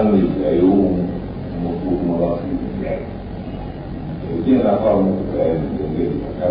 samu yayo mutu na fara muku bayani dangane da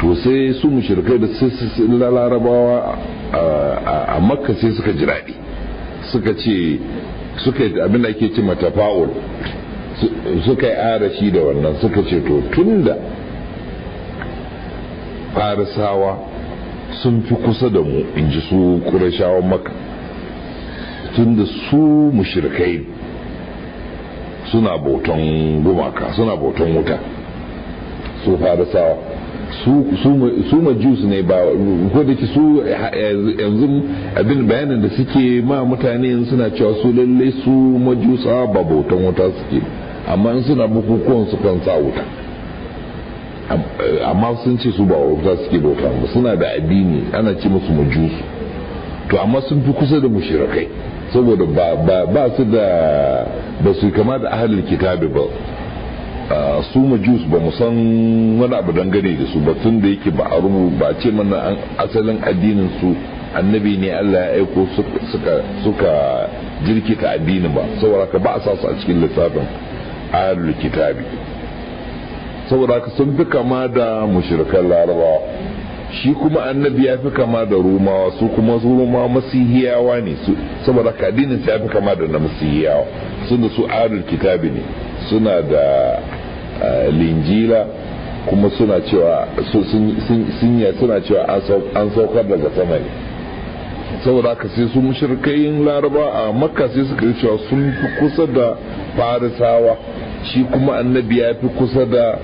to sai su mushrikai da larabawa a makka sai suka ji daɗi suka ce suka yi abin da ake ce matafa'ul suka yi arashi da wannan suka ce to tunda farisawa sun fi kusa da mu in ji su kurashawan maka tunda su mushrikai suna bautan gumaka suna bautan wuta su farisawa su majus ne ba ko ke su yanzu abin bayanin da suke ma mutane suna cewa su lalle su majusa ba bautan wuta suke amma in suna bukukuwan su kan sa wuta amma sun ce su ba wuta suke bauta ba suna da addini ana ce musu majusu to amma sun fi kusa da mushirakai saboda ba su da ba su kama da ahalin kitabi ba su majus ba mu san wani abu dangane da su ba tun da yake ba a rumu ba ce mana an asalin addinin su annabi ne Allah ya aiko suka suka jirkita addinin ba saboda ka ba a sasu su a cikin littafin ahlul kitabi saboda ka sun fi kama da mushrikan larabawa shi kuma annabi ya fi kama da rumawa su kuma su rumawa masihiyawa ne saboda ka addinin su ya fi kama da na masihiyawa sun da su ahlul kitabi ne suna da eh, linjila kuma suna cewa suna cewa an saukar daga sama ne saboda haka sai su mushirkayin laraba a makka sai suka yi cewa sun fi kusa da farisawa shi kuma annabi ya fi kusa da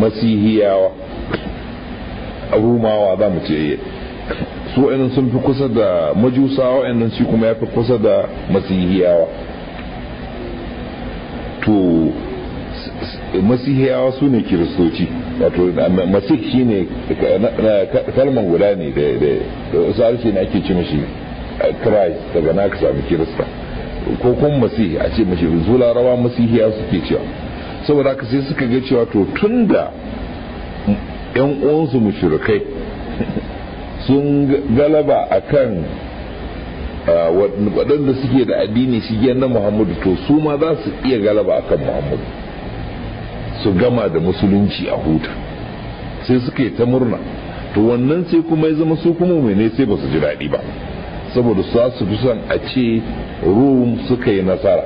masihiyawa rumawa za mu ce eh, su sun fi kusa da majusawa ɗin shi kuma ya fi kusa da masihiyawa to masihiyawa su ne kiristoci wato masih shi ne kalman guda ne da wasu harshe ne ake ci mashi christ daga na ka sami kirista ko kuma masihi a ce mashi zula rawa masihiya suke cewa saboda haka sai suka ga cewa to tun da yan uwansu mushrikai sun galaba akan waɗanda suke da addini shi na muhammadu to su ma za su iya galaba akan muhammadu su gama da musulunci a huta sai suke ta murna to wannan sai kuma ya zama su kuma mene sai ba su ji daɗi ba saboda za su fi son a ce rum suka yi nasara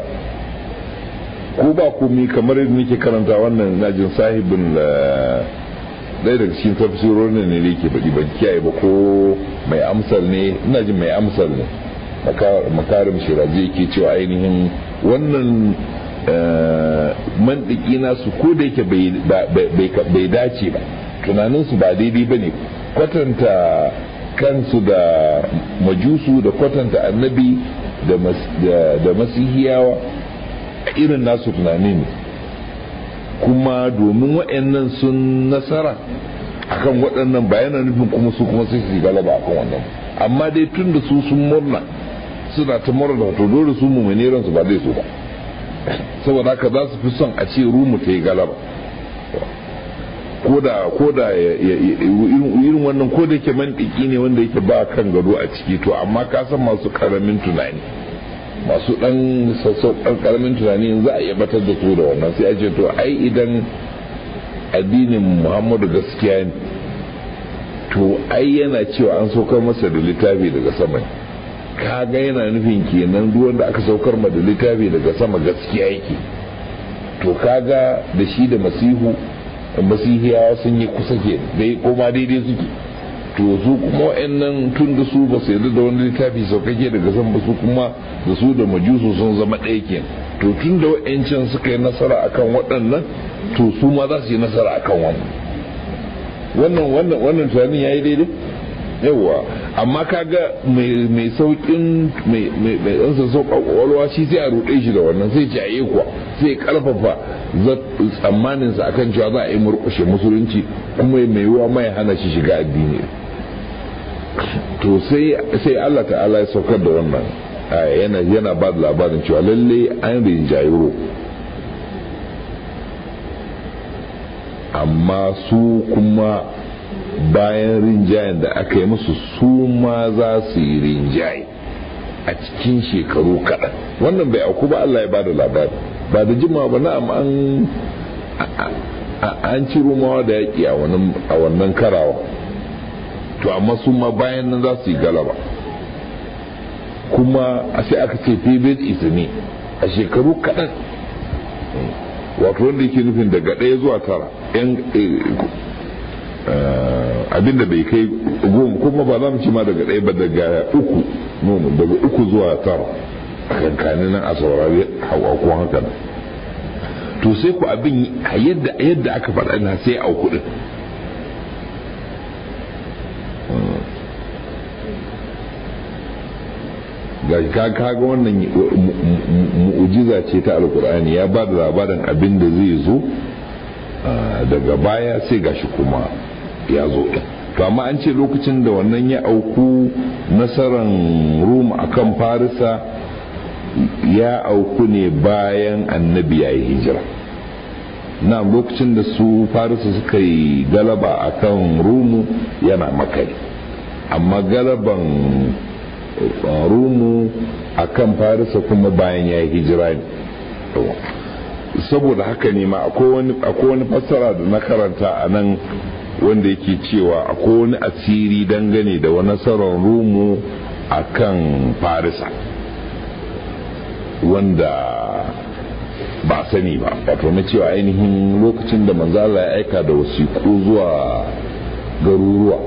ko ba komi kamar yadda nake karanta wannan najin sahibin eh, ɗaya daga cikin tafsirorin ne da yake faɗi ban kiyaye ba ko mai amsar ne ina jin mai amsar ne makarim shirazi ke cewa ainihin wannan eh, mandiki nasu ko da yake bai dace ba tunaninsu ba daidai ba ne kwatanta kansu da majusu da kwatanta annabi da masihiyawa irin nasu tunani ne kuma domin waɗannan sun nasara akan waɗannan bayanan nufin kuma su kuma su galaba akan wannan amma dai tun da su sun murna suna ta da hoto dole su mu ran su ba zai so ba saboda haka za su fi son a ce rumu ta yi galaba koda koda irin wannan ko da yake mantiki ne wanda yake ba kan gado a ciki to amma ka san masu karamin tunani masu dan sassau dan karamin tunani za a iya batar da su da wannan sai a ce to ai idan addinin muhammadu gaskiya ne to ai yana cewa an saukar masa da littafi daga sama Ka ga yana nufin kenan duk wanda aka saukar ma da littafi daga sama gaskiya yake to ka ga da shi da masihu masihiyawa sun yi kusa ke dai koma daidai suke to su kuma wa'annan tun da su ba su yadda da wani littafi saukake daga sama ba su kuma da su da majusu sun zama ɗaya ke to tun da wa'ancan suka yi nasara akan waɗannan to su ma za su yi nasara akan wannan wannan wannan tunanin ya yi daidai yawwa amma kaga mai saukin mai ɗansa sauƙa shi sai a ruɗe shi da wannan sai ce aye kuwa sai ƙarfafa tsammaninsa kan cewa za a yi murƙushe musulunci kuma mai yiwuwa mai hana shi shiga addini to sai Allah ta'ala ya saukar da wannan yana yana ba da labarin cewa lalle an rinjayo amma su kuma bayan rinjayen da aka yi musu su ma za su yi rinjaye a cikin shekaru kaɗan wannan bai auku ba Allah ya bada labari ba da jima ba na'am an an ci rumawa da yaƙi a wannan karawa to amma su ma bayan nan za su yi galaba kuma a sai aka ce fibid izini a shekaru kaɗan wato wanda yake nufin daga ɗaya zuwa tara eh, Eh, abinda bai kai goma kuma ba za mu ci ma daga ɗaya ba daga uku nono daga uku zuwa tara a kankanin nan a saurari hawa ko haka nan to sai ku abin yadda yadda aka faɗa na sai a kuɗin hmm. ga kaga wannan mu'ujiza ce ta alkur'ani ya ba da labarin abin da zai zo eh, daga baya sai gashi kuma ya zo to amma an ce lokacin da wannan ya auku nasaran rum akan farisa ya auku ne bayan annabi ya yi hijira na lokacin da su farisa suka yi galaba akan rumu yana makai amma galaban eh, rumu akan farisa kuma bayan ya yi hijira ne saboda haka ne ma akwai wani fassara da na karanta a nan wanda yake cewa akwai wani asiri dangane da wani nasarar rumu a kan farisa wanda ba sani ba wato na cewa ainihin lokacin da manzala ya aika da wasiƙo zuwa garuruwa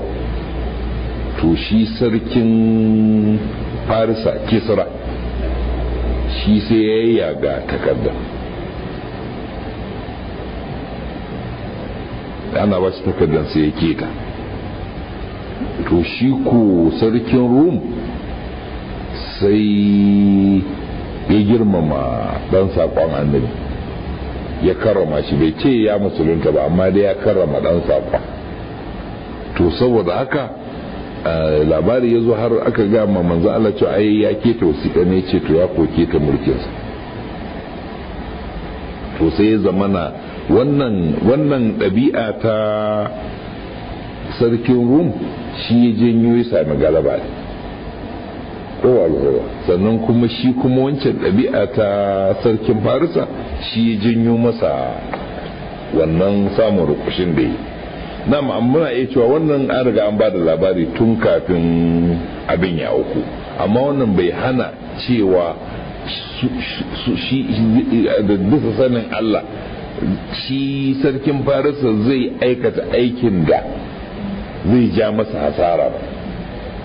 to shi sarkin farisa kisra shi sai ya yi yaga takardar. ana ba shi takardar sai ya keta to shi ko sarkin rum sai ya girmama dan saƙon annabi ya karrama shi bai ce ya musulunta ba amma dai ya karrama dan saƙon to saboda haka eh, labari ya zo har aka gama manzo Allah cewa ai ya keta wasiƙa ce to ya koke ta mulkinsa sai ya zamana wannan ɗabi'a ta sarkin rum shi ya janyo ya sami galaba kowa sannan kuma shi kuma wancan ɗabi'a ta sarkin farisa shi ya janyo masa wannan samun rukushin da yi Na muna iya cewa wannan an riga an ba da labari tun kafin abin ya auku amma wannan bai hana cewa shi bisa sanin Allah shi sarkin farisa zai aikata aikin da zai ja masa hasara ba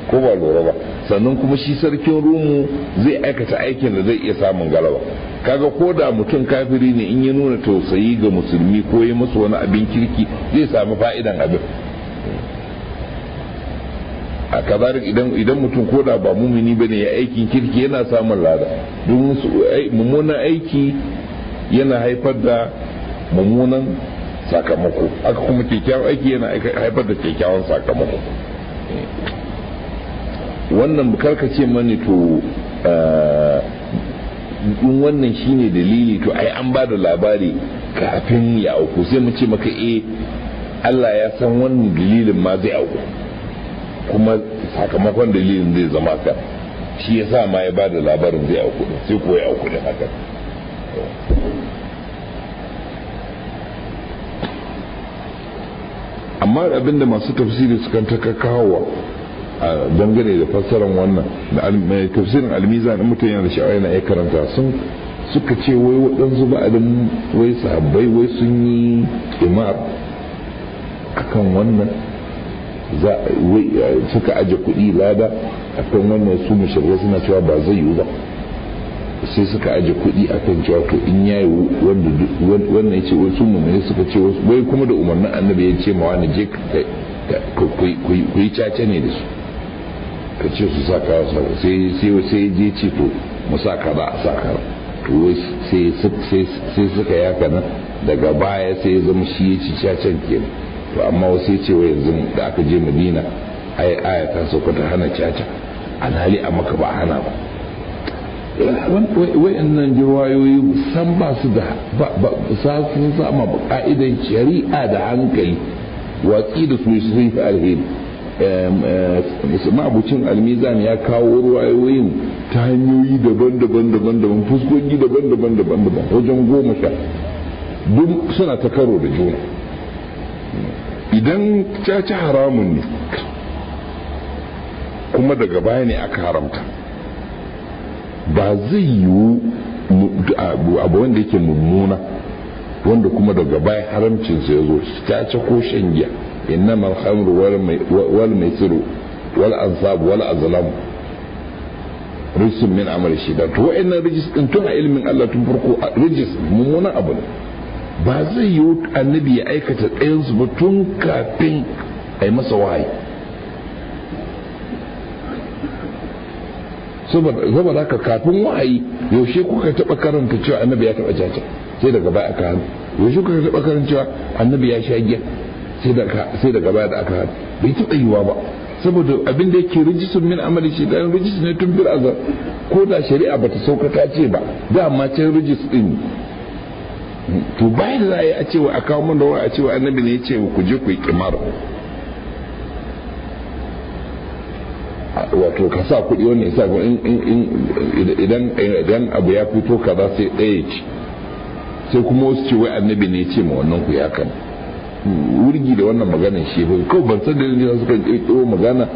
ko ba lura ba sannan kuma shi sarkin rumu zai aikata aikin da zai iya samun galaba kaga ko da mutum kafiri ne in ya nuna tausayi ga musulmi ko ya musu wani abin kirki zai samu fa'idan abin a kazalik idan idan mutum ko da ba mumini bane ya aikin kirki yana samun lada don mummunan aiki yana haifar da mummunan sakamako aka kuma kyakkyawan aiki yana haifar da kyakkyawan sakamako wannan ce mani to in wannan shine dalili to ai an ba da labari kafin ya auku sai mu ce maka eh Allah ya san wannan dalilin ma zai auku kuma sakamakon dalilin zai zama ka shi ya sa ma ya ba da labarin zai auku sai kuwa ya auku da haka amma abinda masu tafsiri sukan taka kawo a dangane da fassarar wannan da tafsirin almizan in mutum yana da sha'awa yana iya karanta sun suka ce wai waɗansu ba'adin wai sahabbai wai sun yi imar kan wannan Eh, suka aje kuɗi lada akan wannan su mushirka suna cewa ba zai yiwu ba sai suka aje kuɗi akan cewa to in ya yi wannan ya ce wasu mummuni suka ce wai kuma da umarnin annabi ya ce mawa na je ku yi caca ne da su ka ce su saka sai sai je ce to mu saka ba a saka ba to sai suka yaka nan daga baya sai ya zama shi ya ci cacan kenan to amma wasu ya ce wa yanzu da aka je madina ai aya ta sauka ta hana caca alhali a maka ba hana ba wa'annan jirwayoyi san ba su da sa sama ba ka'idan shari'a da hankali watsi da su sun fi alheri ma'abucin almizan ya kawo ruwayoyin ta hanyoyi daban-daban daban-daban fuskoki daban-daban daban-daban wajen goma sha duk suna ta karo da juna idan caca haramun ne kuma daga baya ne aka haramta ba zai yiwu abu wanda yake mummuna wanda kuma daga baya haramcin sai zo caca ko shan giya innama alhamru wal maisiru wal ansab wal azlam rijsun min amal shida to wa'annan rijis tun a ilimin Allah tun farko rijis mummunan abu ne ba zai yi annabi ya aikata ɗayansu ba tun kafin a yi masa wahayi saboda haka kafin wahayi yaushe kuka taɓa karanta cewa annabi ya taɓa caca sai daga baya aka hannu yaushe kuka taɓa karanta cewa annabi ya sha giya sai daga baya da aka hannu bai taɓa yiwa ba saboda abin da yake rijistar min amali shi dan rijistar ne tun bir azar ko da shari'a bata saukaka ce ba dama can rijistar din to ba da za a yi a cewa a kawo mun da wa a cewa annabi ne ya ce ku je ku yi kimar wato ka sa kuɗi wani ya sa idan idan abu ya fito za sai ɗaya ci sai kuma wasu ce wai annabi ne ya ce ma wannan ku ya kan hmm, wurgi da wannan maganar shi kawai ban san da yanzu suka kirkiro magana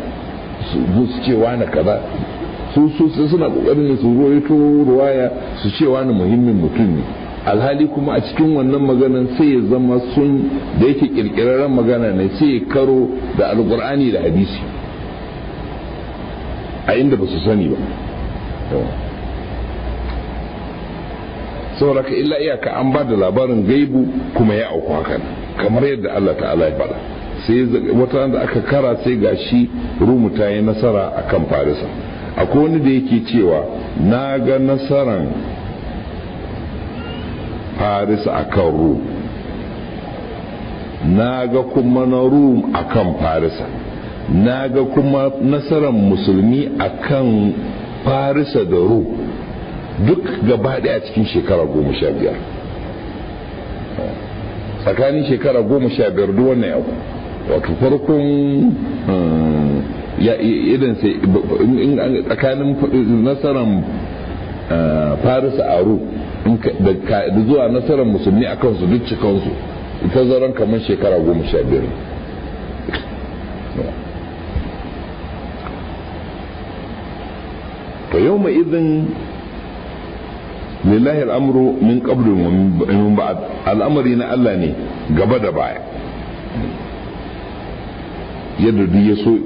su ce wani kaza su suna kokarin su ruwaito ruwaya su ce wani muhimmin mutum ne alhali kuma a cikin wannan maganan sai ya zama sun da yake kirkirarren magana ne sai ya karo da alkur'ani da hadisi a inda ba su sani ba saboda ka illa iyaka an ba da labarin gaibu kuma ya auku hakan kamar yadda Allah ta'ala ya faɗa sai wata da aka kara sai gashi rumu ta yi nasara akan farisa akwai wani da yake cewa na ga nasaran faris akan rum na ga kuma na rum akan farisa na ga kuma nasarar musulmi akan farisa da rum duk gaba daya cikin shekara goma sha biyar tsakanin shekara goma sha biyar duk wannan yau wato farkon eh, ya idan sai tsakanin nasarar eh, farisa a rum da zuwa nasarar musulmi a kansu duk cikansu ita zaron kamar shekara goma sha biyar to yau mai izin lillahi al'amuru min wani ba al'amari na Allah ne gaba da baya yadda duk ya so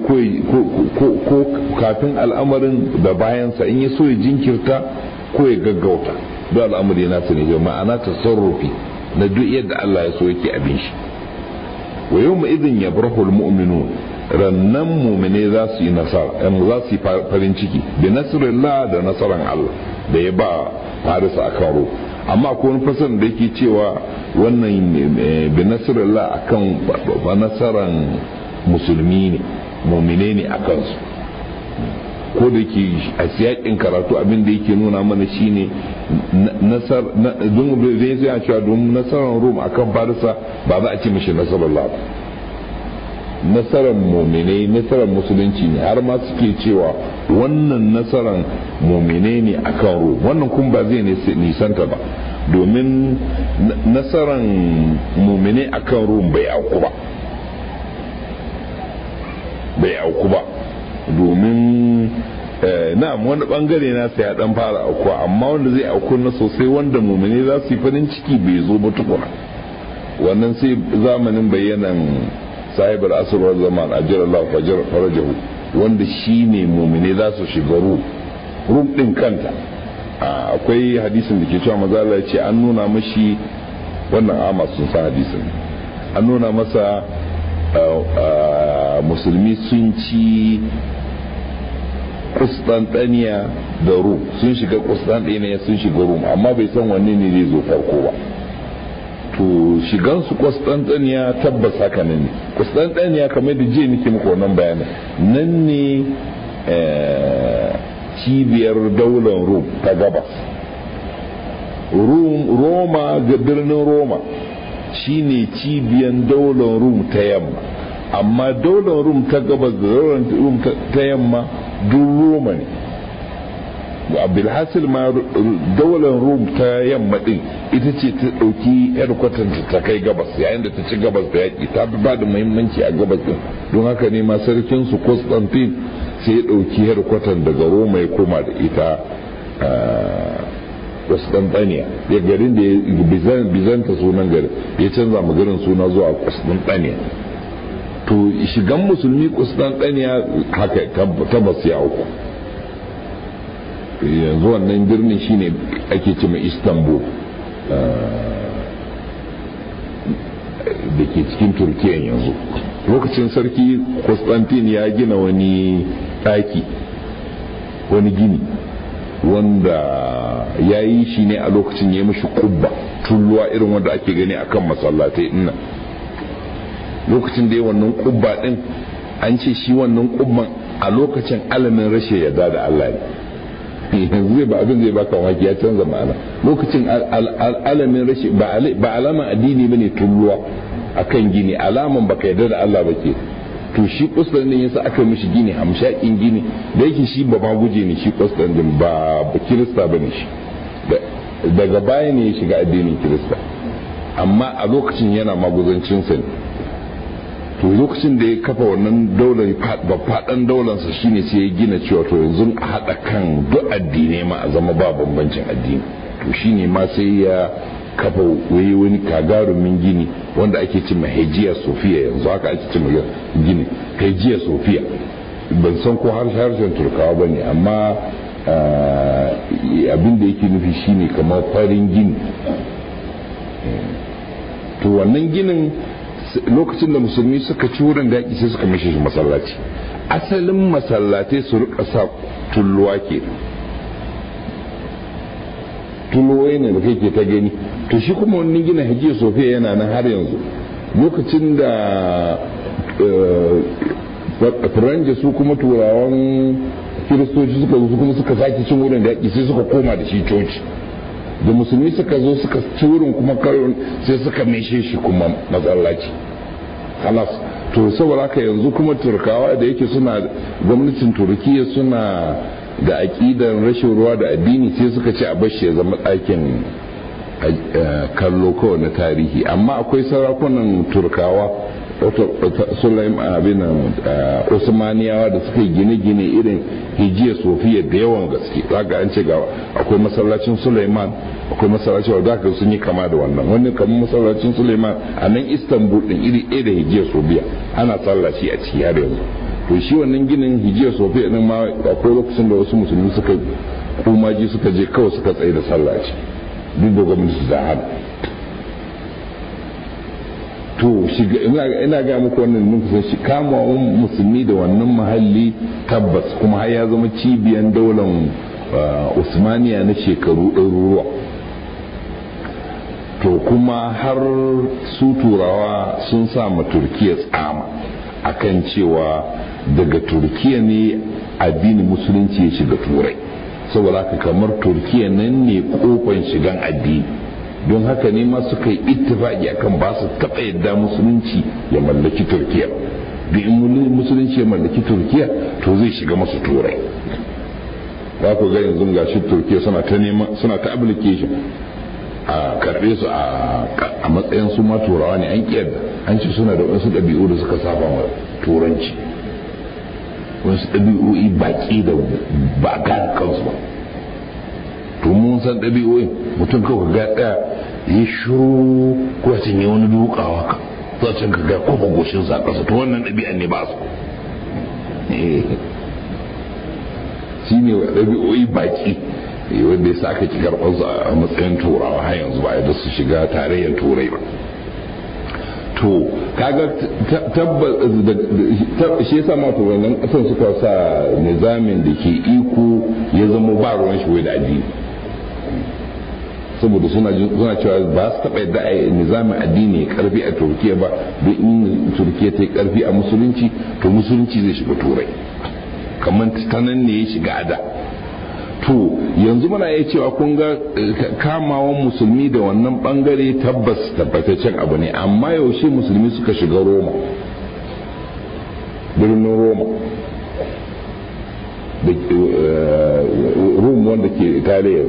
kafin al'amarin da bayansa in ya so ya jinkirta ko ya gaggauta duk al'amari na su ne ma'ana tasarrufi na duk yadda Allah ya so yake abin shi wa yau mu idin ya barhul mu'minu rannan mumine za su yi nasara za su yi farin ciki da la da nasaran Allah da ya ba farisa a karo amma ko wani fasar da yake cewa wannan eh, bi la akan nasaran musulmi ne mumine ne a kansu ko da ke a siyakin karatu abinda da yake nuna mana shine nasar don zai zai cewa domin nasarar rum akan farisa ba za a ce mishi nasarar labar nasarar mominai nasarar musulunci ne har ma suke cewa wannan nasarar mominai ne a kan rom wannan kuma ba zai nisanta ba domin nasarar mominai a kan rom bai auku ba bai auku ba domin Eh, na wani bangare na sai ya dan fara aukuwa amma wanda zai auku na sosai wanda mumune za su yi farin ciki bai zo ba tukuna wannan sai zamanin bayyanan sahibar asirwar zaman ajiyar Allah fajar farajahu wanda shi ne mumune za su shiga ru din kanta akwai hadisin da ke cewa maza Allah ce an nuna mashi wannan ama sun sa hadisin an nuna masa eh, eh, musulmi sun ci kustantaniya da rum sun shiga kustantaniya sun shiga rum amma bai san wanne ne zai zo farko ba to shigansu kustantaniya tabbas haka ne ne kustantaniya kamar da jiya nake muku wannan bayanin nan ne cibiyar daular rum ta gabas roma ga birnin roma shine cibiyar daular rum ta yamma amma daular rum ta gabas da daular rum ta yamma duk roma ne abdulhassil ma daular rum ta yamma din ita ce ta ɗauki yarkwatanta ta kai gabas yayin da ta ci gabas da yaƙi ta ba da muhimmanci a gabas din don haka ne ma sarkin su constantine sai ya ɗauki yarkwatan daga roma ya koma da ita Constantania ya garin da ya sunan garin ya canza ma garin suna zuwa Constantania to shigan musulmi ɗaniya haka tabbas ya uku yanzu wannan birnin shine ake ce mai istanbul eh, da ke cikin turkiya yanzu lokacin sarki constantine ya gina wani ɗaki wani gini wanda ya yi shi ne a lokacin ya mashi kubba tulluwa irin wanda ake gani akan masallatai nan lokacin da ya wannan kubba din an ce shi wannan kubban a lokacin alamin rashin yarda da Allah ne eh, yanzu zai ba abin zai baka waki ya canza ma'ana lokacin alamin rashin ba alama addini bane tulluwa akan gini alaman ka yarda da Allah ba ke to shi kustan din yasa aka mishi gini hamshakin gini da yake shi ba guje ne shi kustan din ba kirista bane shi daga baya ne ya shiga addinin kirista amma a lokacin yana maguzancinsa ne to lokacin da ya kafa wannan daular babbaɗan daularsa shine sai ya gina cewa to yanzu a haɗa kan duk addinai ma a zama ba bambancin addini to shine ma sai ya kafa wai wani kagarumin gini wanda ake ce ma hejiya sofiya yanzu haka ake ce ma gini hejiya sofiya ban san ko har harshen turkawa ba ne amma eh, abin da yake nufi shine kamar farin gini eh, to wannan ginin lokacin da musulmi suka ci wurin daki sai suka mishi shi masallaci asalin masallatai su rika sa tulluwa ke tulluwa ne da kake ta gani to shi kuma wani gina hajiya sofiya yana nan har yanzu lokacin da eh, faranje su kuma turawan kiristoci suka zo kuma suka sake cin wurin daki sai suka koma da shi coci da musulmi suka zo suka ci wurin kuma karon sai suka mishe shi kuma matsalaci halas to saboda haka yanzu kuma turkawa da yake suna gwamnatin turkiya suna da aƙidar rashin ruwa da addini sai suka ce a bashi ya zama ɗakin kallo kawai na tarihi amma akwai sarakunan turkawa sulaim abin usmaniyawa da suka gine-gine irin hijiya sofiya da yawan gaske ga an ce ga akwai masallacin sulaiman akwai masallacin wadda aka sun yi kama da wannan wani kamar masallacin sulaiman a nan istanbul din iri ɗaya da hijiya sofiya ana tsallaci a ciki har yanzu to shi wannan ginin hijiya sofiya din ma akwai lokacin da wasu musulmi suka ji suka je kawai suka tsaye da sallaci duk da gwamnati su hana to ina ga muku wannan mun kusa shi kama musulmi da wannan mahalli tabbas kuma har ya zama cibiyan daular uh, usmaniya na shekaru ɗaruruwa to kuma har su turawa sun sa ma turkiya tsama kan cewa daga turkiya ne addinin musulunci ya shiga turai saboda haka kamar turkiya nan ne kofan shigan addini don haka ne ma suka yi ittifaki akan ba su taɓa yadda musulunci ya mallaki turkiya da in musulunci ya mallaki turkiya to zai shiga masu turai za ku ga yanzu ga shi turkiya suna ta neman suna ta application a karbe su a matsayin su ma turawa ne an kiyarda an ce suna da wasu ɗabi'u da suka saba ma turanci wasu ɗabi'u'i baƙi da ba gane kansu ba to mun san ɗabi'o'in mutum kawai ga ɗaya yi shiru ko ya cinye wani dukawa ka za can ka ga kofa goshin sa ƙasa to wannan ɗabi'an ne ba su eh. shi ne wa ɗabi'o'i baki eh, wanda ya sa aka ki karɓar a matsayin turawa har yanzu ba a yadda su shiga tarayyar turai ba to kaga tabbas shi yasa ma to wannan kasan suka sa nizamin da ke iko ya zama ba ruwan shi da addini saboda suna cewa ba su taɓa yadda a nizamin addini ya karfi a turkiya ba don in turkiya ta yi karfi a musulunci to musulunci zai shiga turai kamar ta nan ne ya shiga ada to yanzu muna iya cewa kun ga eh, kamawan musulmi da wannan bangare tabbas tabbataccen abu ne amma yaushe musulmi suka shiga roma birnin roma da eh, rum wanda ke italiya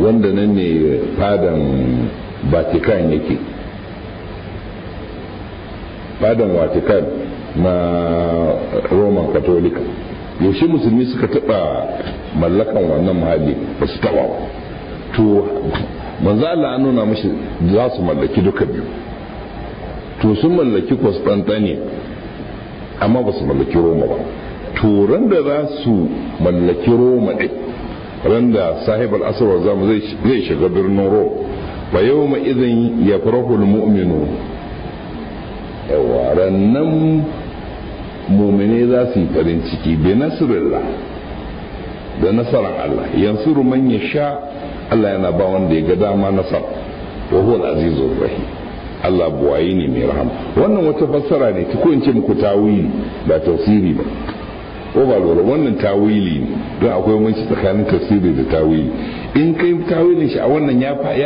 wanda nan ne fadan vatican yake fadan vatican na roman katolika yaushe musulmi suka taɓa mallakan wannan muhalli ba su taɓa ba to manzo Allah an nuna mashi za su mallaki duka biyu to sun mallaki Constantine amma ba su mallaki Roma ba to ran da za su mallaki Roma ɗin ran da sahib al-asr zamu zai shiga birnin ba fa ma idhin ya al-mu'minu yawa nan. mumine za su yi farin ciki bi nasirillah da nasarar Allah yansuru man sha Allah yana ba wanda ya ga dama nasar wa huwa azizur rahim Allah buwaye ne mai rahama wannan wata fassara ne ta ko in ce muku tawili ba tafsiri ba ko ba lura wannan tawili ne don akwai munci tsakanin tafsiri da tawili in kai tawilin shi a wannan ya fi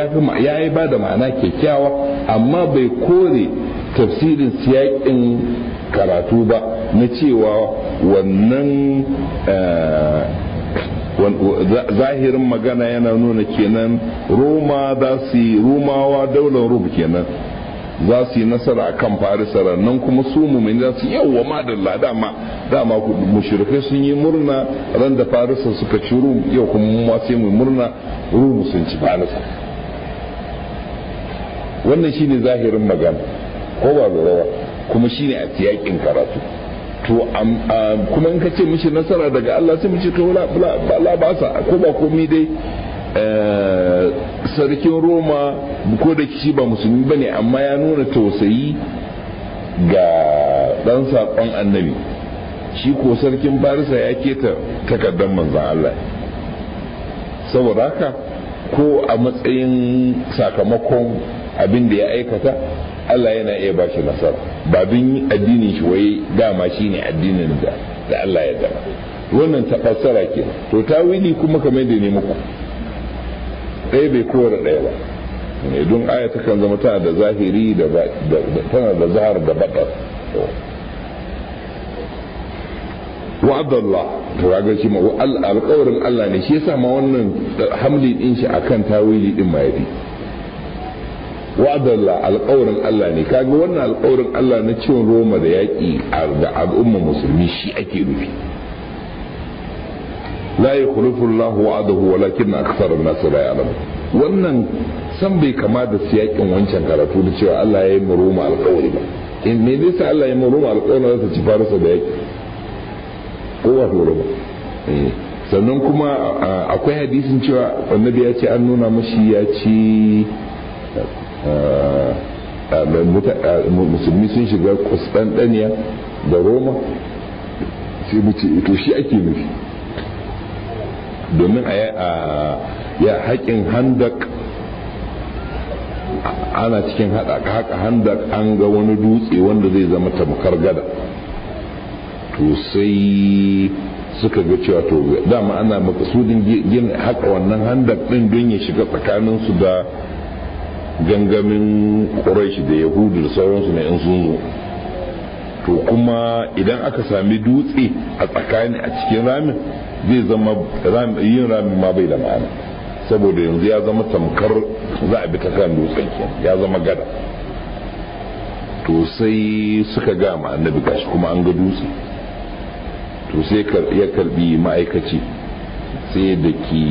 ya yi ba da ma'ana kyakkyawa amma bai kore tafsirin siyaƙin karatu ba na cewa wannan eh, zahirin magana yana nuna kenan roma za su yi romawa daular rum kenan za su yi nasara kan farisa nan kuma su mumini za su yawwa madalla dama dama mushrikai sun yi murna ran da farisa suka ci rum yau kuma mu sai mu murna rum sun ci farisa wannan shine zahirin magana ko ba kuma shine a tiyakin karatu to kuma in ka ce mishi nasara daga Allah sai mishi to la ba sa ko ba komi dai eh, sarkin Roma ko da shi ba musulmi bane amma ya nuna tausayi ga dan saƙon annabi shi ko sarkin Barisa ya keta takardar manzan Allah saboda haka ko a matsayin sakamakon abin da ya aikata Allah yana iya ba shi nasara ba bin addinin shi wai dama shi ne addinin da da Allah ya dama wannan tafassara ke to tawili kuma kamar da ne muku ɗaya bai kowar ɗaya ba eh, don aya ta kan zama tana da zahiri da tana da zahar da baɗar wa'adallah to ga shi ma alƙawarin Allah ne shi yasa ma wannan hamli din shi akan tawili din ma yafi wa'adalla alƙawarin Allah ne kaga wannan alƙawarin Allah na cin Roma da yaƙi ga al'umma musulmi shi ake nufi la yukhlifu Allahu wa'adahu walakin akthar an-nas la ya'lamun wannan san bai kama da siyakin wancan karatu da cewa Allah ya yi Roma alƙawari ba in me yasa Allah ya yi Roma alƙawarin za ta ci Farisa da yaƙi ko ba Roma eh, sannan kuma akwai hadisin cewa annabi ya ce an nuna mashi ya ci Eh, eh, eh, musulmi sun shiga kusɗanɗaniya da roma sai mu ce to shi ake nufi domin a ya haƙin handak ana cikin haɗa handak an ga wani dutse wanda zai zama tamkar gada to sai suka ga cewa to dama ana makasudin haƙa wannan handak ɗin don ya shiga tsakaninsu da gangamin ƙuraishi da yahudu da sauransu na in sun to kuma idan aka sami dutse a tsakani a cikin ramin zai zama yin ramin ma bai da ma'ana saboda yanzu ya zama tamkar za a bi ta kan dutsen ya zama gada to sai suka gama annabi gashi kuma an ga dutse to sai ya karbi ma'aikaci sai da ke.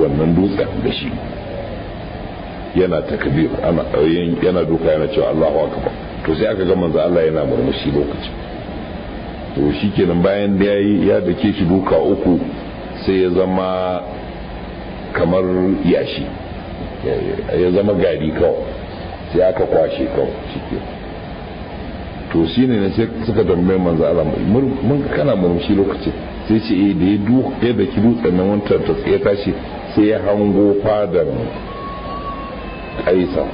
wannan dutsen da shi yana takbir ana yana duka yana cewa Allahu akbar to sai aka ga manzo Allah yana murmushi lokacin to shikenan bayan da yayi ya dake shi duka uku sai ya zama kamar yashi ya zama gari kawai sai aka kwashe kawai shikenan to shi ne sai suka dambe manzo Allah mun kana murmushi lokacin sai ce eh da ya duka ya dake dutsen nan wancan ta tsaye tashi sai hango fadar kaisar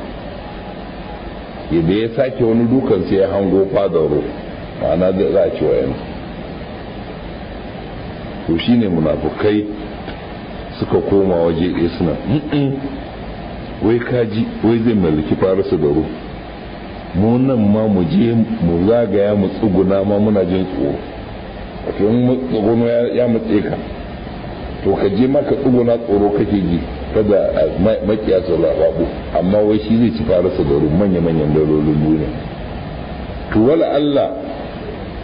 idan ya sake wani dukan sai ya hango fadar ro ma'ana za a ci wayan to shine munafukai suka koma waje ɗaya suna wai kaji wai zai mallaki farisa da ru mu nan ma mu je mu zagaya mu tsuguna ma muna jin tsoro wato mu tsuguno ya matse ka to ka je maka na tsoro kake ji kada makiya su lababu amma wai shi zai ci fara sadaru manya-manyan dalolin duniya to wala Allah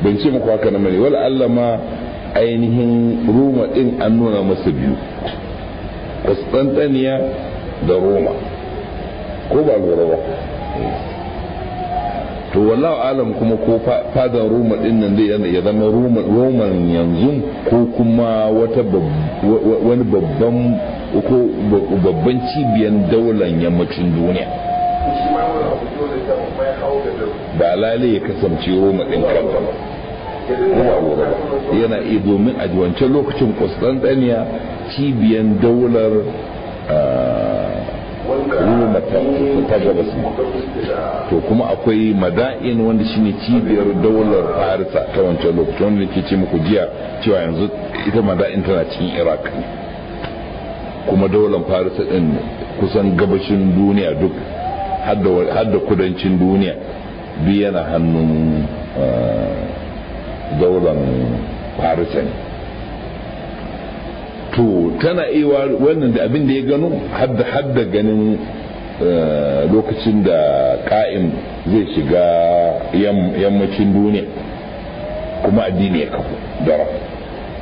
ban ce muku haka na mani wala Allah ma ainihin roma din an nuna masa biyu kwastantaniya da roma ko ba lura ba to wallahu alam kuma ko fadar roma din nan zai ya zama roman yanzu ko kuma wata wani babban ko babban cibiyan daular yammacin duniya ba lale ya kasance roma din kanta ba yana iya domin a wancan lokacin daniya cibiyan daular ah, gabas to kuma akwai mada'in wanda shine cibiyar daular farisa ta wancan lokacin wanda ke ce muku jiya cewa yanzu ita mada'in tana cikin iraq kuma daular farisa din kusan gabashin duniya duk har da kudancin duniya duk yana hannun ah, daular farisa ne to tana iya wannan da abin da ya gano hadda hadda ganin Eh, lokacin da ka'im zai shiga yammacin duniya kuma addini ya kafu da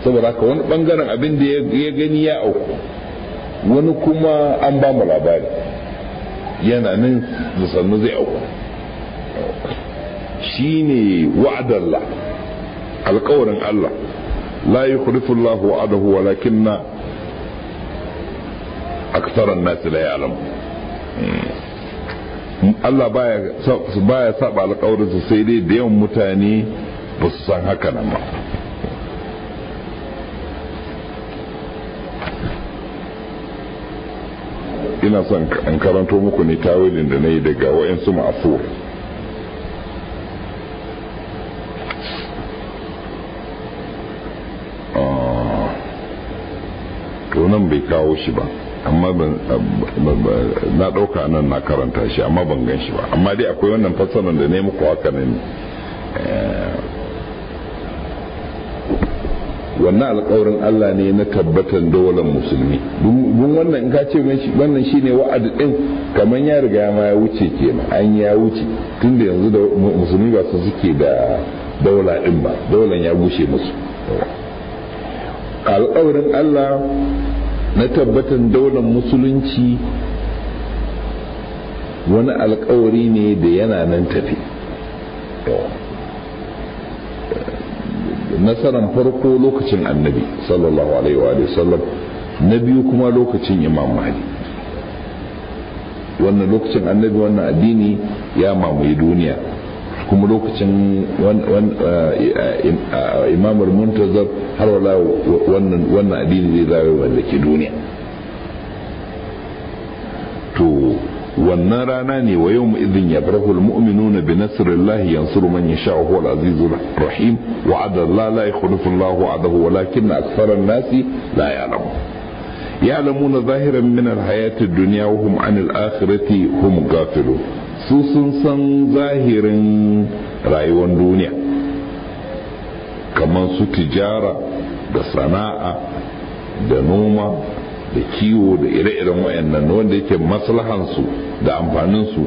saboda haka wani bangaren abin da ya gani ya auku wani kuma an ba mu labari yana nan da sannu zai auku shi ne wa'adalla alkawarin Allah la yi wa'adahu walakin na aksaran nasi la ya alamu Allah baya saba alƙawarinsa sai dai da yawan mutane ba su san haka nan ba ina son an karanto muku ne tawilin da na yi daga su ma'afu ah, to nan bai kawo shi ba amma na ɗauka nan na karanta shi amma ban gan shi ba amma dai akwai wannan fassarar da ne muku haka ne eh, wannan alƙawarin Allah ne na tabbatar daular musulmi dun wannan in ka ce wannan shine wa'adi din kamar ya riga ma ya wuce kenan an ya wuce tun da yanzu da musulmi ba su suke da daula din ba daulan ya bushe musu alƙawarin Allah na tabbatan daular musulunci wani alkawari ne da yana nan tafi Nasaran farko lokacin annabi sallallahu alaihi wa sallam na biyu kuma lokacin imam mahdi wannan lokacin annabi wannan addini ya mamaye duniya kuma lokacin imamar muntazar har wala wannan wannan addini zai zawo wanda ke duniya to wannan rana ne wa yau izin ya farko mu'minu na bi nasirillah yansur man ya sha huwa al-azizu rahim wa adalla la yakhlufu Allahu wa'dahu walakin an nasi la ya'lamu يعلمون ظاهرا من الحياة الدنيا وهم عن الآخرة هم غافلون سوسن سن ظاهرا رايوان دنيا كما سو تجارة da sana'a da noma da kiwo da ire-iren wayannan wanda yake maslahansu da amfaninsu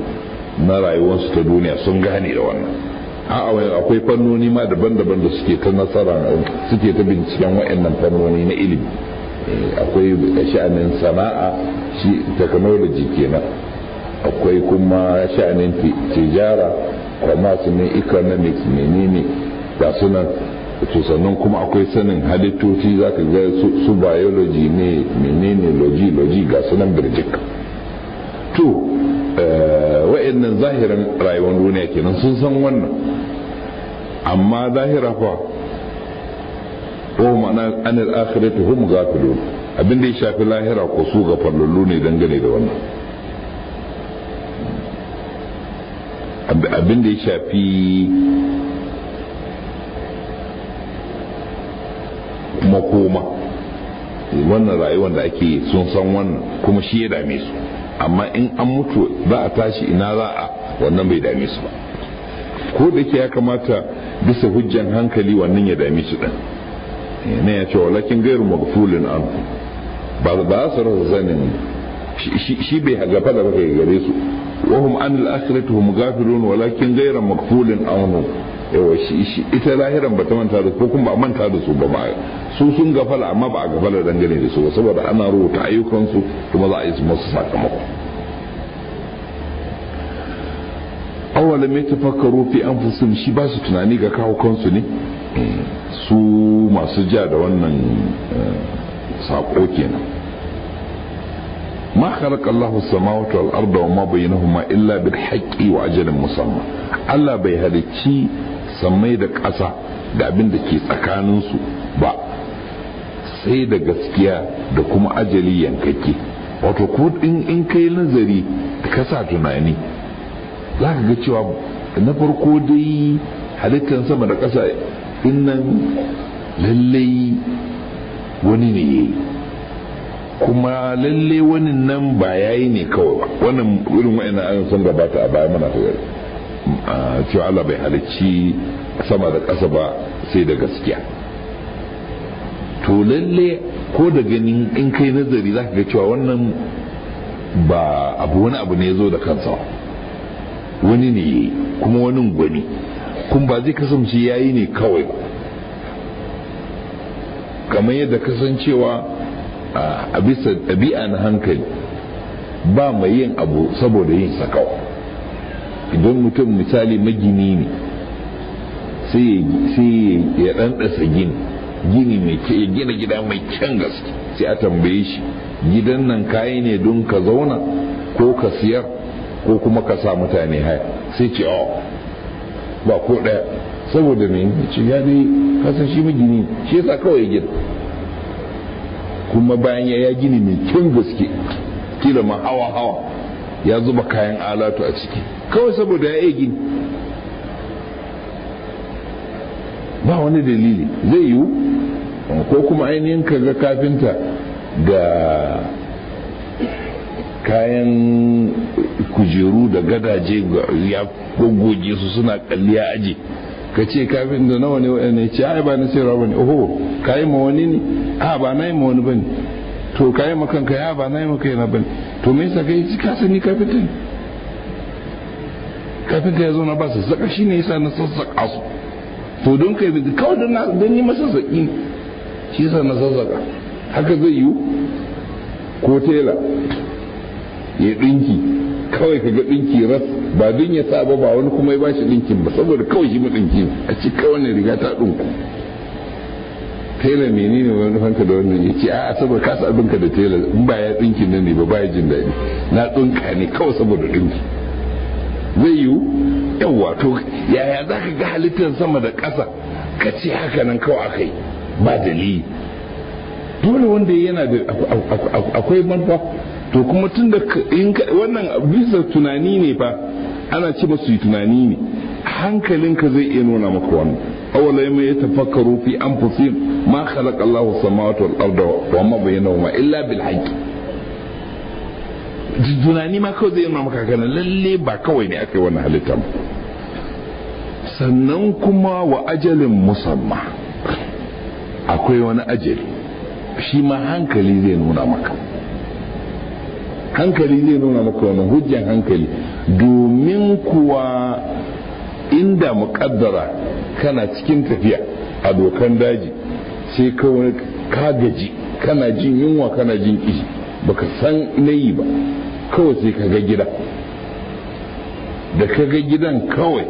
na rayuwarsu ta duniya sun gane da wannan a'a akwai fannoni ma daban-daban da suke ta nasara suke ta binciken wayannan fannoni na ilimi akwai sha'anin sana'a shi technology kenan akwai kuma sha'anin tijara kwamasu ne economics menene ga sunan to sannan kuma akwai sanin halittoci za ka ga su biology ne menene logi logi ga sunan birjik to eh, wa'annan zahirin rayuwar duniya kenan sun san wannan amma zahira fa anil akhirati hum ghafilun abin da ya shafi lahira ko su ga ne dangane da wannan abin da ya shafi makoma wannan rayuwar da ake sun san wannan kuma shi ya dame su amma in an mutu za a tashi ina za a wannan bai dame su ba ko da ke ya kamata bisa hujjan hankali wannan ya dame su ɗan ne ya ce walakin gairu magfulin an ba za su rasa zanin shi bai gafa da baka gare su wahum an al-akhiratu hum gafilun walakin gairu magfulin an yawa shi ita lahiran ba ta manta da ko kuma ba manta da su ba ba su sun gafala amma ba a gafala dangane da su saboda ana rubuta ayyukansu kuma za a yi su masu sakamako awalam ya tafakkaru fi anfusihim shi ba su tunani ga kawo kansu ne su masu ja da wannan eh, sako kenan ma khalaqa Allahu samawati wal arda wa ma bainahuma illa bil haqqi wa ajalin musamma Allah bai halicci samai da ƙasa da abin da ke tsakaninsu ba sai da gaskiya da kuma ajali yankake wato ko in kai nazari ka sa tunani za ka ga cewa na farko dai halittar sama da ƙasa nan lallai wani ne ya yi kuma lalle wani nan ba ya yi ne kawai ba wannan irin wa'ina an sun gabata a baya mana ta cewa Allah bai halicci sama da ƙasa ba sai da gaskiya to lalle ko da ganin in kai nazari za ka ga cewa wannan ba abu wani abu ne ya zo da kansa ba wani ne yi kuma wani gwani kun ba zai kasance yayi ne kawai kamar yadda kasancewa a bisa ɗabi'a na hankali ba mai yin abu saboda yin sakawa idan mutum misali magini ne sai ya ɗanɗasa gini gini mai ya gina gida mai kyan gaske sai a tambaye shi gidan nan kayi ne don ka zauna ko ka siyar ko kuma ka sa mutane haya sai ce o oh, ba ko ɗaya saboda me ne ce ya dai kasan shi magini shi yasa kawai gina kuma bayan ya gini mai kyan gaske kila ma hawa hawa ya zuba kayan alatu a ciki kawai saboda ya iya gini ba wani dalili zai yiwu ko kuma ainihin kaga kafinta da kayan kujeru da gadaje ya gogoge su suna kalli ya aji ka ce kafin da nawa ne waɗanda ce ai ba na sayarwa rawa ne oho ka yi ma wani ne a ba na yi ma wani ba ne to ka yi makan ya ba na yi maka yana ne to me yasa kai ka sani kafinta kafin kafinta ya zo na ba su saka shi ne yasa na sassaka su to don kai kawai don yi masa saki shi yasa na sassaka haka zai yiwu ko tela ya dinki kawai ka ga dinki ras ba dun ya sa ba ba wani kuma ya ba shi dinkin ba saboda kawai shi madinki a ci kawai riga ta dinku tela menene wani fanka da wannan ya ce a saboda kasa abinka da tela in ba ya dinkin nan ne ba ba ya jin daɗi na dinka ne kawai saboda dinki zai yiwu yawa to yaya za ka ga halittar sama da ƙasa ka ce haka nan kawai akai ba dalili dole wanda yana da akwai manfa to kuma tun da wannan bisa tunani ne fa ana ce masu yi tunani ne hankalinka zai iya nuna maka wani awalai mai ya tafakkaru fi anfusihim ma Allah Allahu samawati wal arda wa ma bainahuma illa bil haqqi tunani ma kawai zai nuna maka kana lalle ba kawai ne aka yi wannan halitta sannan kuma wa ajalin musamma akwai wani ajali shi ma hankali zai nuna maka hankali zai nuna maka wannan hujjan hankali domin kuwa inda muƙaddara kana cikin tafiya a dokan daji sai wani ka gaji kana jin yunwa kana jin kishi baka san nayi ba kawai sai ka ga gida da ka ga gidan kawai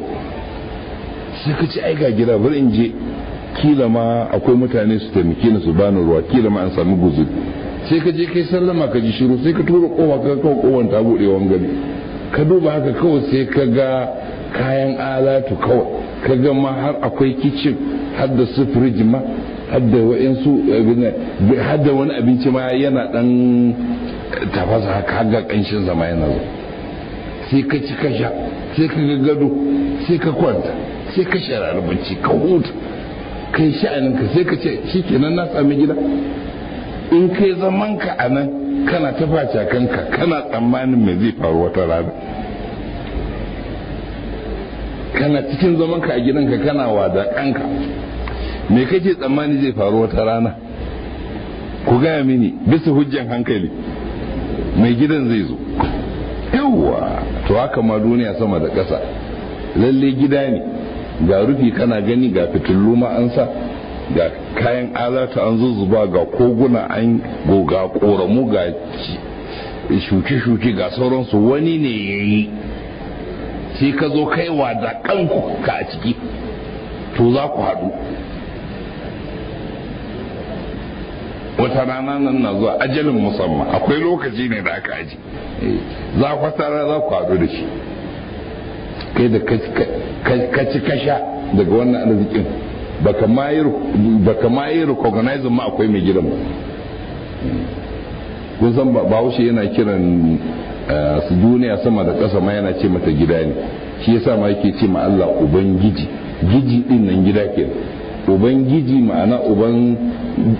sai ka ci aika gida bari in je kila ma akwai mutane su taimake ni su bani ruwa kila ma an samu guzuri sai ka je kai sallama ka ji shiru sai ka tura kowa ka kawo kowan ta bude wangare ka duba haka kawai sai ka ga kayan alatu kawai ka ga ma har akwai kicin har da su ma har wa'insu har wani abinci ma yana dan tafasa haka ga kanshin zama yana zo sai ka ci ka sai ka ga gado sai ka kwanta sai ka shara bacci ka huta kai sha'aninka sai ka ce shikenan na sami gida in kai zaman ka a nan kana ta face kanka kana tsammanin me zai faru wata rana kana cikin zaman ka a gidanka kana wada kanka me kake tsammani zai faru wata rana ku gaya mini bisa hujjan hankali mai gidan zai zo yawwa to haka ma duniya sama da ƙasa lalle gida ne ga rufi kana gani ga fitilu ma an sa ga kayan alata an zuzuba ga koguna an goga koramu ga shuke-shuke ga sauransu wani ne ya yi sai ka zo kaiwa da kanku ka a ciki to za ku haɗu wata rana nan na zuwa ajalin musamman akwai lokaci ne da aka aji za ku tara za ku haɗu da shi kai da ka kasha daga wannan arzikin baka ma yi recognizing ma recognize ma akwai mai gidan ba kun san bahaushe yana kiran eh, su duniya sama da ƙasa ma yana ce mata gida ne shi yasa ma yake ce ma Allah ubangiji giji din nan gida ke ubangiji ma'ana uban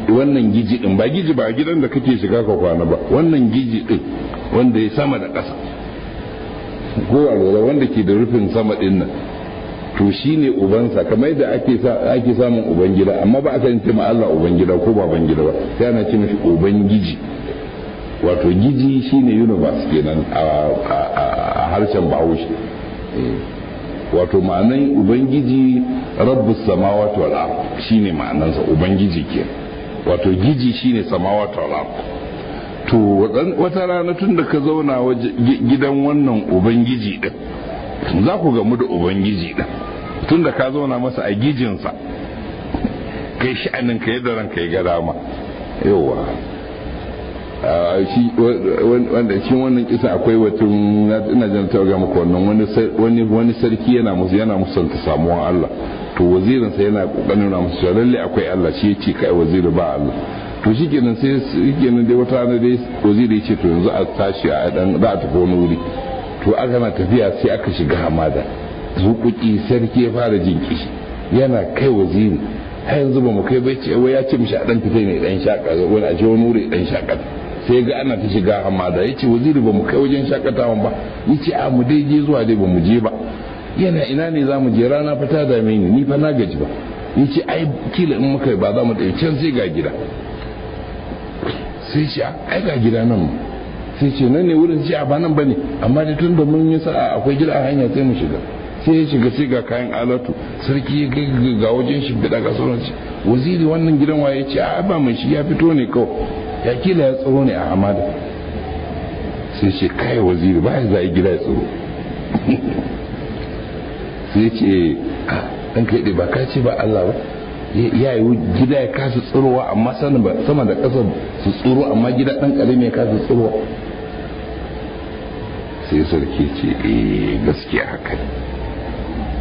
wannan giji din ba giji ba gidan da kake shiga ka kwana ba wannan giji din wanda ya sama da ƙasa ko a wanda ke da rufin sama din nan to shine ubansa kamar yadda ake ake samun ubangida amma ba a san ce ma Allah ubangida ko ba ubangida ba sai ana ce mishi ubangiji wato giji shine universe kenan a harshen bahaushe eh. wato ma'anan ubangiji rabbus samawati wal ard shine ma'anansa ubangiji ke wato giji shine samawati wal ard to wata rana tun da ka zauna gidan wannan ubangiji din za ku gamu da ubangiji ɗin tun da ka zauna masa a gijinsa kai sha'anin ka yadda ranka ya ga dama yawa wanda shi wannan kisa akwai watun ina jan ta ga muku wannan wani wani sarki yana musu yana musanta samuwa Allah to wazirin sa yana kokarin nuna musu lalle akwai Allah shi yake kai waziri ba Allah to shikenan sai shikenan dai wata rana dai waziri yake to yanzu a tashi a dan za a tafi wani wuri to aka na tafiya sai aka shiga hamada zuƙuƙi sarki ya fara jin kishi yana kai waziri har yanzu ba mu kai bai ya ce mishi a dan fita ne dan shaka wani a ce wani wuri dan shaƙa sai ga ana ta shiga hamada ya ce waziri ba mu kai wajen shaƙatawan ba ya ce a mu dai je zuwa dai ba mu je ba yana ina ne za mu je rana fa ta dame ni ni fa na gaji ba ya ce ai kila in muka ba za mu dai can sai ga gida sai shi ai ga gida nan sai ce nan ne wurin jiya ba nan bane amma da tun da mun yi sa'a akwai gida a hanya sai mu shiga sai ya shiga sai ga kayan alatu sarki ya ga wajen shi bida ga sauran shi waziri wannan gidan waye ce a ba mai shi ya fito ne kawai ya kila ya tsoro ne a hamada sai ce kai waziri ba ya za gida ya tsoro sai ce a ɗan kai ba ka ce ba Allah ba ya yi gida ya kasa tsirowa amma sama da ƙasa su tsiro amma gida ɗan ƙarami ya kasa tsirowa sai sarki ce e gaskiya haka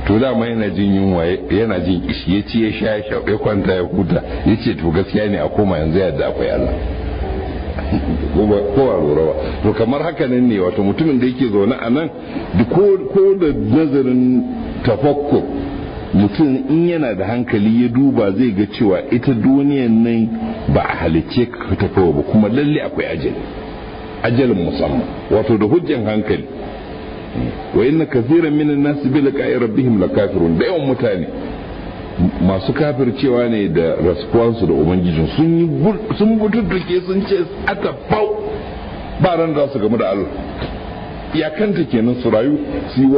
to dama yana jin yunwa yana jin kishi ya ci ya sha ya sha ya kwanta ya huta ya ce to gaskiya ne a koma yanzu yadda akwai Allah kowa lura ba to kamar haka nan ne wato mutumin da yake zaune a nan ko da nazarin tafakko mutum in yana da hankali ya duba zai ga cewa ita duniyan nan ba a halice ka tafawa ba kuma lalle akwai ajali ajalin musamman wato da hujjan hankali wa inna kathiran minan nas bi liqa'i rabbihim lakafirun da yawan mutane masu kafircewa ne da response da ubangijin sun yi sun duke sun ce aka bau ba ran za su gamu da Allah ya kanta kenan su rayu su yi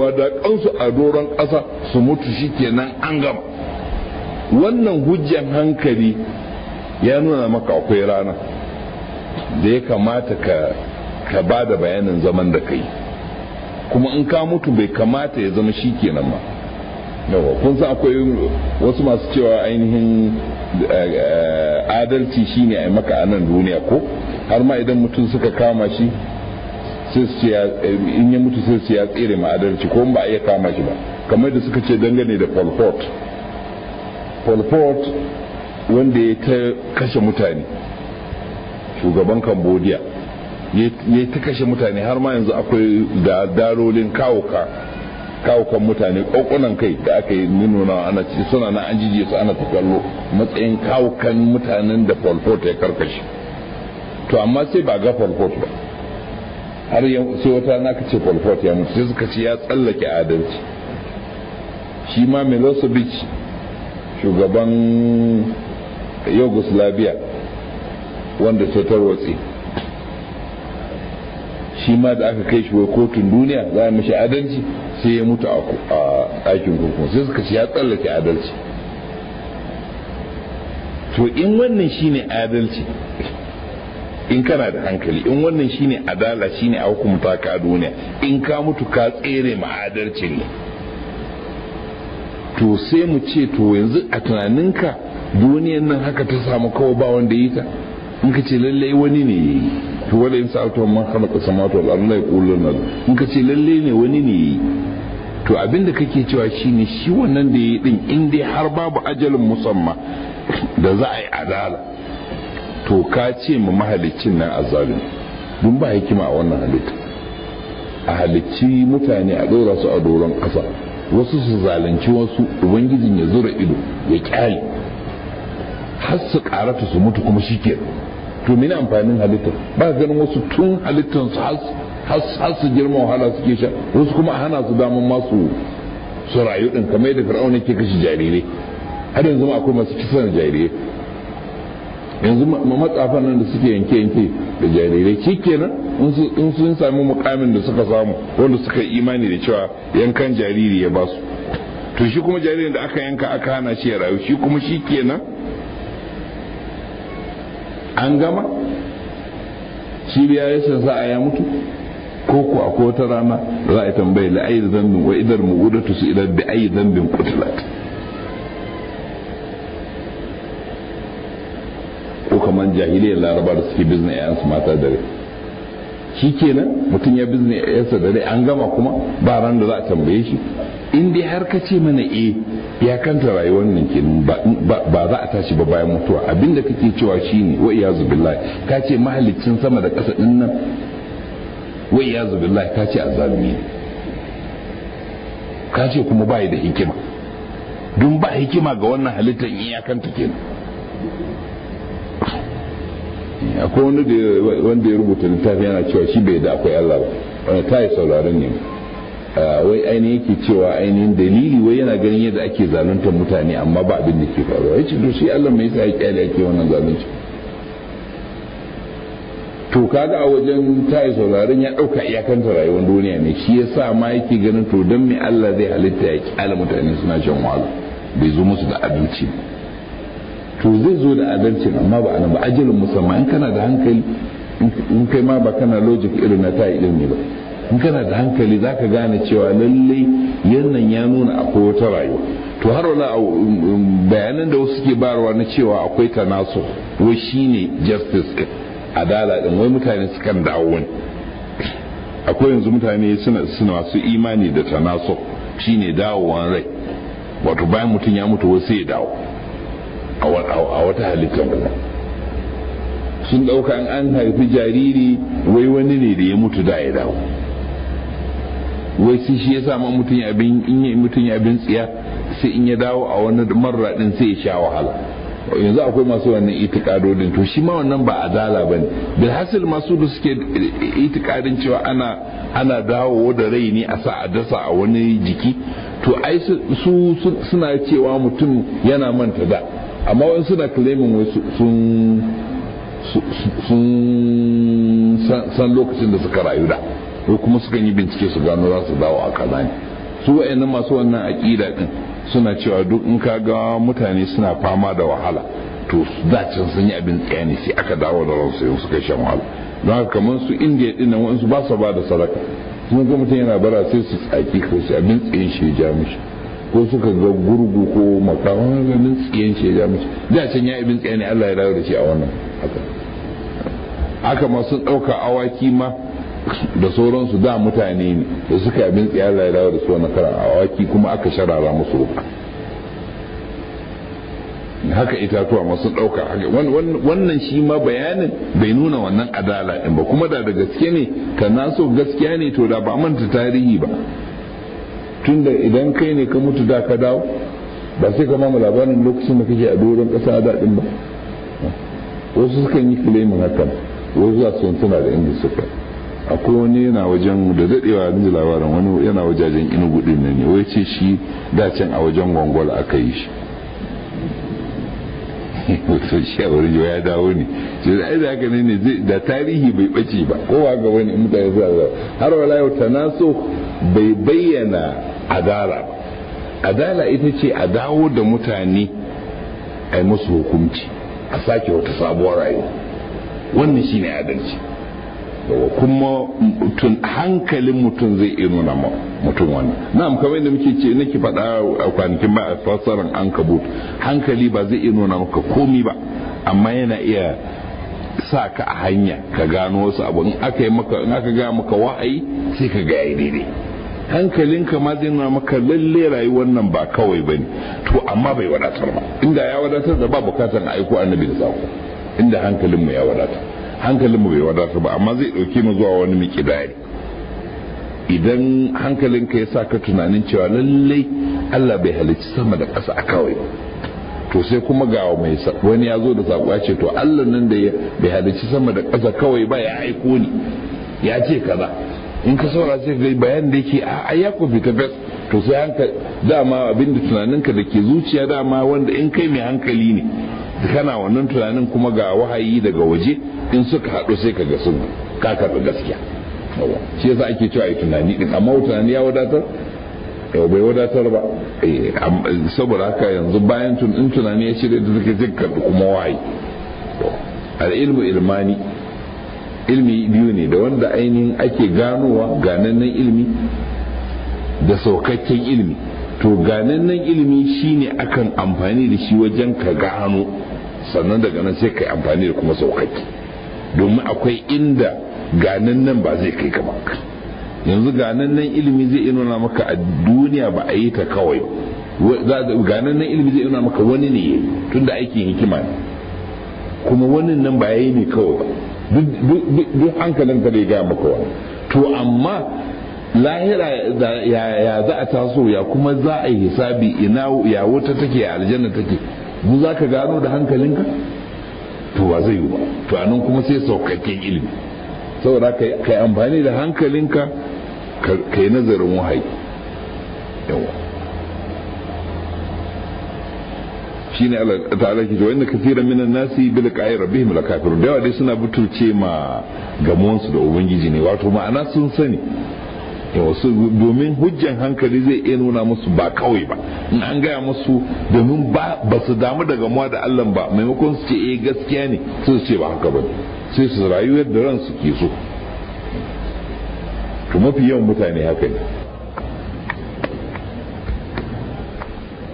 kansu a doron ƙasa su mutu shi kenan an gama wannan hujjan hankali ya nuna maka akwai rana da ya kamata ka ka ba da bayanin zaman da kai kuma in ka mutu bai kamata ya zama shi kenan ba yawa kun san akwai wasu masu cewa ainihin eh, adalci shine a maka a nan duniya ko har ma idan mutum suka kama shi in ya mutu sai su ya tsere ma adalci ko ba a iya kama shi ba kamar da suka ce dangane da Pol Pot wanda ya ta kashe mutane shugaban Cambodia ya ta kashe mutane har ma yanzu akwai da darolin kawuka kawukan mutane kokunan kai da aka yi nuna ana ci suna na an su ana ta kallo matsayin kawukan mutanen da polpot ya karkashe to amma sai ba ga polpot ba har sai wata na ka ce polpot ya mutu sai suka ce ya tsallake adalci shi ma milosevic shugaban yugoslavia wanda sai tarwatse shi ma da aka kai shi wa kotun duniya za a mishi adalci sai ya mutu a aikin kurkun sai suka ce ya tsallake adalci to in wannan shine adalci in kana da hankali in wannan shine adala shine a hukumta ka duniya in ka mutu ka tsere ma adalci ne to sai mu ce to yanzu a tunaninka duniyan nan haka ta samu kawai ba wanda yi ta in ka ce lallai wani ne to wani in sa'atuhum man khalaqa samawati wal ardi la yaquluna in ka ce lalle ne wani ne yi to abin da kake cewa shi ne shi wannan da yi din inda dai har babu ajalin musamman da za a yi adala to ka ce mu mahalicin nan azalin dun ba hikima a wannan halitta a halicci mutane a ɗora su a doron ƙasa wasu su zalunci wasu ubangijin ya zura ido ya ƙyale har su karata su mutu kuma shi kenan to mini amfanin halitta ba ganin wasu tun halittar su har su girma wahala suke sha wasu kuma hana su daman masu su rayu din kamar yadda fir'auna ke kashe jarire har yanzu ma akwai masu kisan jarire yanzu matsafan nan da suke yanke yanke da jarirai shi kenan in sun sami mukamin da suka samu wanda suka imani da cewa yankan jariri ya basu to shi kuma jaririn da aka yanka aka hana shi ya rayu shi kuma shi kenan an gama cibiyar za a ya mutu ko ku a kota rana za a tambayi la ayi zambin wa idar mu mu'udatu su idar bi ayi zambin kutulat ko kaman jahiliyar laraba da suke bizna su mata dare shi kenan mutum ya bizne yasa da rai an gama kuma ba ran da za a tambaye shi in dai har ka ce mana e ya kanta rayuwar nan kenan ba za a tashi ba bayan mutuwa abinda kake cewa shine wa iyazu billahi ka ce mahalicin sama da ƙasa din nan wa iyazu billahi ka ce azalimi ka ce kuma bai da hikima don ba hikima ga wannan halittar ya in kanta kenan akwai wani wanda ya rubuta littafi yana cewa shi bai da akwai Allah ba wanda eh, ta yi sauraron ne eh, wai ainihin yake cewa ainihin dalili wai yana ganin yadda ake zaluntar mutane amma ba abin da ke faruwa ya ce to shi Allah mai yasa ya kyale ake wannan zalunci to kaga a wajen ta yi sauraron ya ɗauka iyakanta rayuwar duniya ne shi ya sa ma yake ganin to don me Allah zai halitta ya kyale mutane suna shan wahala bai zo musu da abinci to zai zo da adalci amma ba anan ba ajalin musamman in kana da hankali in kai ma ba kana logic irin na ta idan ne ba in kana da hankali za ka gane cewa lallai yannan ya nuna akwai wata rayuwa to har wala um, um, bayanan da wasu ke barwa na cewa akwai ta tanaso wai shine justice adala din wai mutane sukan dawo wani akwai yanzu mutane suna masu imani da ta tanaso shine dawowan rai wato bayan mutum ya mutu wasu ya dawo a wata halittar kuma sun ɗauka an an haifi jariri wai wani ne da ya mutu da ya dawo wai sai shi ya sa mutum ya abin in ya mutum ya abin tsiya sai in ya dawo a wani marra din sai ya sha wahala yanzu akwai masu wannan itikadodin to shi ma wannan ba adala bane bil hasil masu da suke itikadin cewa ana ana dawo da rai ne a sa a dasa a wani jiki to ai su suna cewa mutum yana manta da amma wani suna claiming wai sun san lokacin da suka rayu da ko kuma suka yi bincike su gano za su dawo a kaza ne su wa'annan masu wannan aƙida ɗin suna cewa duk in ka ga mutane suna fama da wahala to dacin sun yi abin tsaya ne sai aka dawo da ransu yin suka shan wahala don haka kamar su indiya din nan wa'ansu ba su ba da sadaka sun ga mutum yana bara sai su tsaki ko sai abin tsaye shi ya ja mishi ko suka ga gurgu ko makawan ganin tsiyen shi ya mace da can ya ibin tsiya ne Allah ya dawo da shi a wannan haka haka ma sun ɗauka awaki ma da sauransu da mutane ne da suka abin tsiya Allah ya dawo da su wannan karan awaki kuma aka sharara musu ruka haka itatuwa masu ɗauka wannan shi ma bayanin bai nuna wannan adala ɗin ba kuma da da gaske ne ka naso gaskiya ne to da ba manta tarihi ba tunda idan kai ne ka mutu da ka dawo ba sai ka mamu labarin lokacin da kake a doron ƙasa daɗin ba wasu sukan yi kilimin hakan wasu za su tana da inda suka akwai wani yana wajen da daɗewa da labarin wani yana wajajen inugu ɗin ne wai ce shi dacen a wajen gwangwal aka yi shi wato shi a wurin ya dawo ne shi da aida haka ne da tarihi bai bace ba kowa ga wani mutane za har wala yau tanaso bai bayyana adala ba adala ita ce a dawo da mutane a yi musu hukunci a sake wata sabuwar rayuwa wannan shine adalci kuma mutum hankalin mutum zai iya nuna mutum wannan na'am kamar da muke ce nake faɗa a kwanakin ba a fassarar an hankali ba zai iya nuna maka komi ba amma yana iya sa ka a hanya ka gano wasu abu in aka yi maka aka ga maka wa'ayi sai ka ga yayi daidai hankalinka ma zai nuna maka lalle rayuwar nan ba kawai bane to amma bai wadatar ba inda ya wadatar da ba bukatar aiko annabi da sako inda hankalinmu ya wadata hankalinmu bai wadatar ba amma zai dauke mu zuwa wani miƙidari idan hankalinka ya sa ka tunanin cewa lallai Allah bai halicci sama da ƙasa a kawai to sai kuma ga mai wani ya zo da saƙo ce to Allah nan da bai halicci sama da ƙasa kawai ba ya aiko ni ya ce kaza in ka saura sai ga bayan da yake a ya ko fita fes to sai hanka dama abinda tunaninka da ke zuciya dama wanda in kai mai hankali ne kana wannan tunanin kuma ga wahayi daga waje in suka haɗu sai ka ga sun ka karɓi gaskiya shi yasa ake cewa ai tunani din amma tunani ya wadatar yau bai wadatar ba eh, saboda haka yanzu bayan in tunani ya shirya da suke jin karɓi kuma wahayi al'ilmu ilmani ilmi biyu ne da wanda ainihin ake ganowa ganannen ilmi da saukakken ilmi to ganannen ilmi shine akan amfani da shi wajen ka gano sannan daga nan sai ka amfani da kuma saukakke domin akwai inda ganannen ba zai kai ka ba yanzu ganannen ilmi zai nuna maka a duniya ba a yi ta kawai ganannen ilmi zai nuna maka wani ne tunda aikin hikima ne kuma wannan nan ba ya yi ne kawai ba duk hankalin ka ya gaya maka wa to amma lahira ya za a taso ya kuma za a yi hisabi ina ya wuta take a aljanna take mu za ka gano da hankalinka to ba zai yi ba to anan kuma sai saukakken ilimi saboda ka yi amfani da hankalinka ka yi nazarin wahayi yawa shine Allah ta'ala ke cewa inna kaseeran minan nasi bil qa'i rabbihim la kafirun da yawa dai suna butulce ma gamuwan su da ubangiji ne wato ma'ana sun sani wasu domin hujjan hankali zai iya nuna musu ba kawai ba in an gaya musu domin ba su damu da gamuwa da Allah ba maimakon su ce eh gaskiya ne sai su ce ba haka ba sai su rayu yadda ransu ke so to mafi yawan mutane haka ne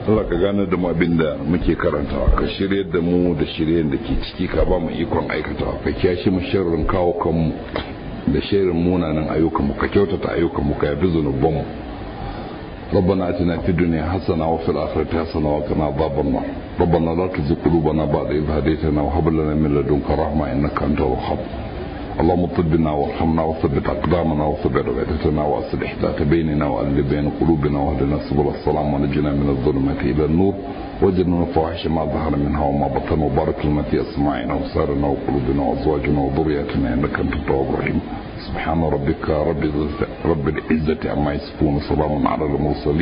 Allah ka gane da mu abin da muke karantawa ka shirye da mu da shiryen da ke ciki ka ba mu ikon aikatawa ka kiyashe mu shirin kawo kanmu da shirin munanan ayyukan mu ka kyautata ayyukan mu ka yafi zunubban mu ربنا اتنا في الدنيا حسنه وفي الاخره حسنه وقنا عذاب النار ربنا لا تزغ قلوبنا بعد إذ هديتنا وهب لنا من لدنك رحمه انك انت الوهاب اللهم اطب بنا وارحمنا وثبت اقدامنا وثبت عبادتنا واصل احداث بيننا والف بين قلوبنا واهدنا سبل السلام ونجنا من الظلمات الى النور من الفواحش ما ظهر منها وما بطن وبارك لنا في اسماعنا وسارنا وقلوبنا وازواجنا وذرياتنا انك انت التواب الرحيم سبحان ربك رب العزه عما يصفون وسلام على المرسلين